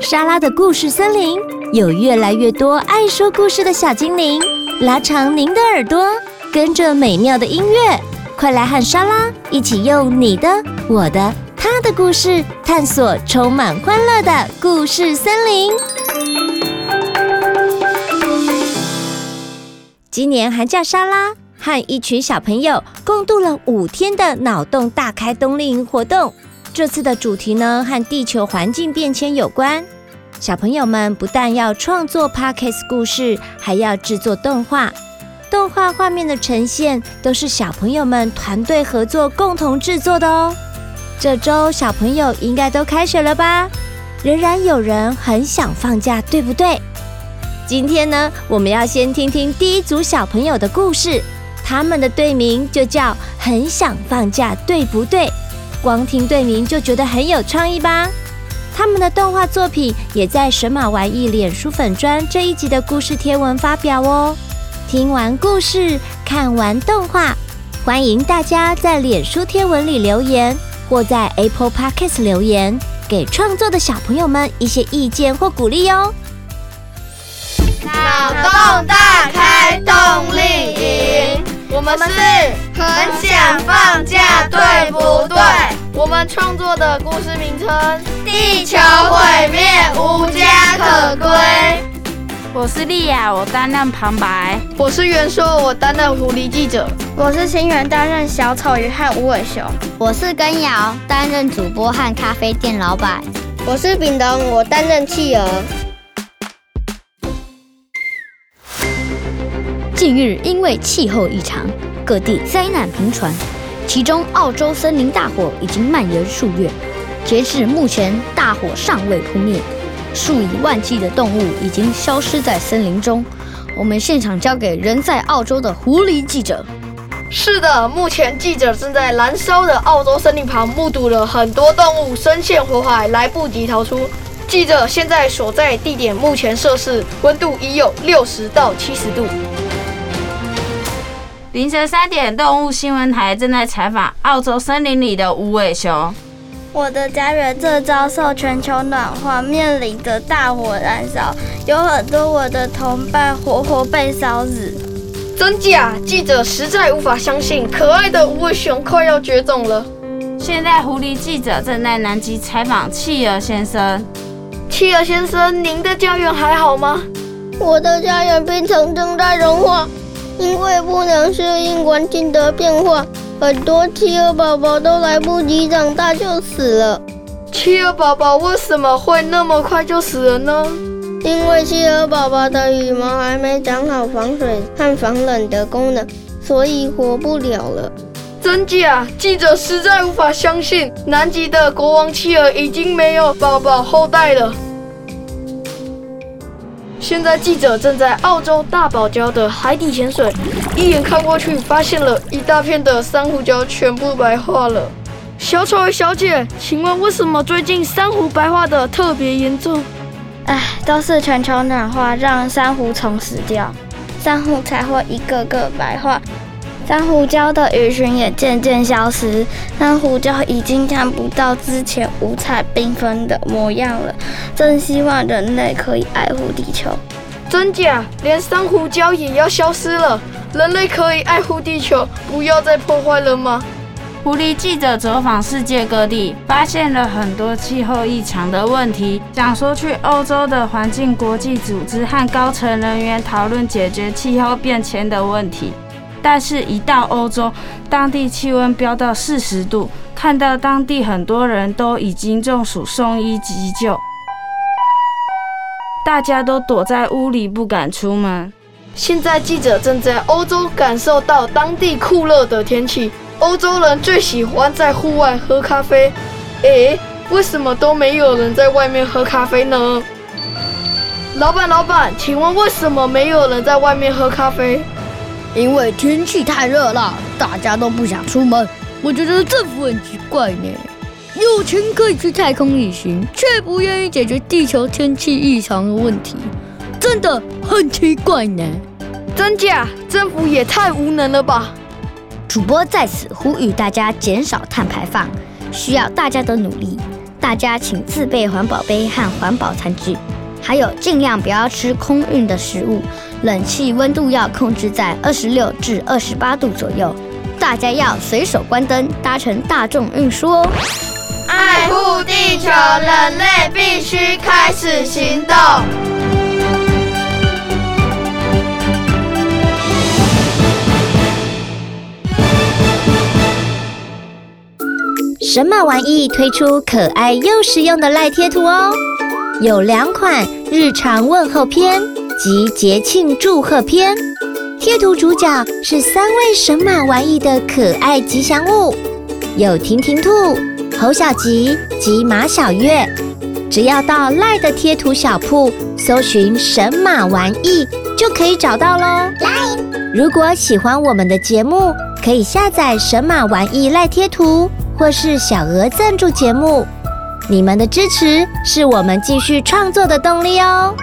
沙拉的故事森林有越來越多愛說故事的小精靈，拉長您的耳朵，跟着美妙的音樂，快來和沙拉一起用你的、我的、他的故事，探索充滿歡樂的故事森林。今年寒假，沙拉和一群小朋友共度了五天的腦洞大開冬令營活動。這次的主題呢，和地球環境變遷有關。小朋友們不但要創作 Podcast 故事，還要制作動畫。動畫畫面的呈現都是小朋友們團隊合作共同制作的哦。這周小朋友應該都開學了吧？仍然有人很想放假，對不對？今天呢，我們要先聽聽第一組小朋友的故事，他們的隊名就叫“很想放假”，對不對？光聽隊名就覺得很有創意吧？他們的動畫作品也在神馬玩藝臉書粉專這一集的故事貼文發表哦。聽完故事，看完動畫，歡迎大家在臉書貼文裡留言，或在 Apple Podcast 留言，給創作的小朋友們一些意見或鼓勵喲、哦。腦動大。我們是很想放假，對不對？我們創作的故事名稱《地球毀滅，無家可歸》。我是莉雅，我擔任旁白。我是元碩，我擔任狐狸記者。我是芯瑗，擔任小丑魚和無尾熊。我是耕銚，擔任主播和咖啡店老闆。我是秉融，我擔任企鵝。近日，因為氣候異常，各地災難頻傳。其中，澳洲森林大火已經蔓延數月，截至目前，大火尚未撲滅。數以萬計的動物已經消失在森林中。我們現場交給人在澳洲的狐狸記者。是的，目前記者正在燃燒的澳洲森林旁，目睹了很多動物身陷火海，來不及逃出。記者現在所在地點，目前攝氏溫度已有六十到七十度。凌晨三點，動物新聞台正在採訪澳洲森林裡的無尾熊。我的家園正遭受全球暖化，面臨着大火燃燒，有很多我的同伴活活被燒死。真假？記者實在無法相信，可愛的無尾熊快要絕種了。現在，狐狸記者正在南極採訪企鵝先生。企鵝先生，您的家園還好嗎？我的家園冰層正在融化。因為不能適應環境的變化，很多企鵝寶寶都來不及長大就死了。企鵝寶寶為什麼會那麼快就死了呢？因為企鵝寶寶的羽毛還沒長好，防水和防冷的功能，所以活不了了。真假？記者實在無法相信，南極的國王企鵝已經沒有寶寶後代了。現在記者正在澳洲大堡礁的海底潛水，一眼看過去，發現了一大片的珊瑚礁全部白化了。小丑小姐，請問為什麼最近珊瑚白化得特別嚴重？唉，都是全球暖化讓珊瑚蟲死掉，珊瑚才會一個個白化。珊瑚礁的魚群也漸漸消失，珊瑚礁已經看不到之前五彩繽紛的模樣了。真希望人類可以愛護地球。真假，連珊瑚礁也要消失了？人類可以愛護地球，不要再破壞了嗎？狐狸記者走訪世界各地，發現了很多氣候異常的問題，想說去歐洲的環境國際組織和高層人員討論解決氣候變遷的問題。但是，一到歐洲，當地氣溫飆到四十度，看到當地很多人都已經中暑送醫急救，大家都躲在屋裡不敢出門。現在記者正在歐洲感受到當地酷熱的天氣。歐洲人最喜歡在戶外喝咖啡，誒，為什麼都沒有人在外面喝咖啡呢？老闆，老闆，請問為什麼沒有人在外面喝咖啡？因為天氣太熱了，大家都不想出門。我覺得政府很奇怪呢，有錢可以去太空旅行，卻不願意解決地球天氣異常的問題，真的很奇怪呢。真假？政府也太無能了吧！主播在此呼籲大家減少碳排放，需要大家的努力。大家請自備環保杯和環保餐具，還有儘量不要吃空運的食物。冷氣溫度要控制在二十六至二十八度左右，大家要隨手關燈，搭乘大眾運輸哦。愛護地球，人類必須開始行動。神馬玩藝推出可愛又實用的賴貼圖哦，有兩款日常問候篇。及節慶祝賀篇貼圖主角是三位神馬玩藝的可愛吉祥物，有婷婷兔、侯小吉及馬小月。只要到賴的貼圖小鋪搜尋神馬玩藝，就可以找到嘍。如果喜歡我們的節目，可以下載神馬玩藝賴貼圖，或是小額贊助節目。你們的支持是我們繼續創作的動力哦。